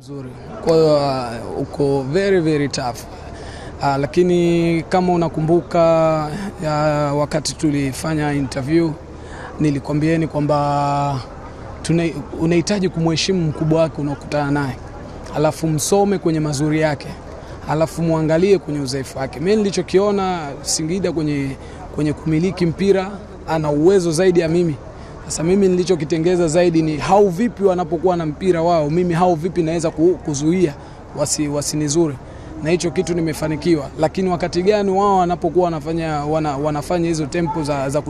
mzuri, kwa hiyo uh, uko very very tough uh, lakini kama unakumbuka uh, wakati tulifanya interview nilikwambieni kwamba unahitaji kumheshimu mkubwa wake unaokutana naye, alafu msome kwenye mazuri yake, alafu muangalie kwenye udhaifu wake. Mimi nilichokiona Singida kwenye, kwenye kumiliki mpira ana uwezo zaidi ya mimi. Sasa mimi nilichokitengeza zaidi ni hau vipi wanapokuwa na mpira wao, mimi hau vipi naweza kuzuia wasi, wasinizure na hicho kitu nimefanikiwa, lakini wakati gani wao wanapokuwa wanafanya wana, wanafanya hizo tempo za, za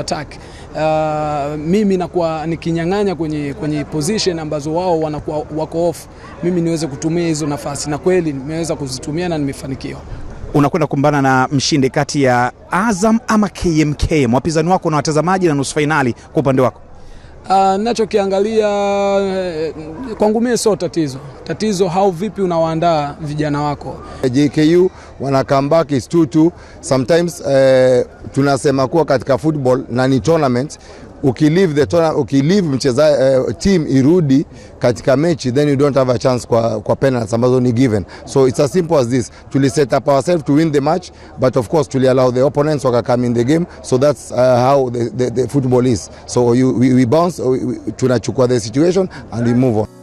attack uh, mimi nakuwa nikinyang'anya kwenye, kwenye position ambazo wao wanakuwa wako off, mimi niweze kutumia hizo nafasi, na kweli nimeweza kuzitumia na nimefanikiwa unakwenda kukumbana na mshindi kati ya Azam ama KMK, wapinzani wako na watazamaji na nusu fainali kwa upande wako? Uh, ah, nachokiangalia eh, kwangu mie sio tatizo. Tatizo hau vipi unawaandaa vijana wako. JKU wana comeback is 2-2 sometimes. uh, tunasema kuwa katika football na ni tournament ukilive the tournament, ukilive mcheza uh, team irudi katika mechi then you don't have a chance kwa, kwa penalties ambazo ni given, so it's as simple as this. Tuli set up ourselves to win the match but of course tuli allow the opponents come in the game, so that's uh, how the, the, the football is. So you, we, we bounce, we, we, tunachukua the situation and we move on.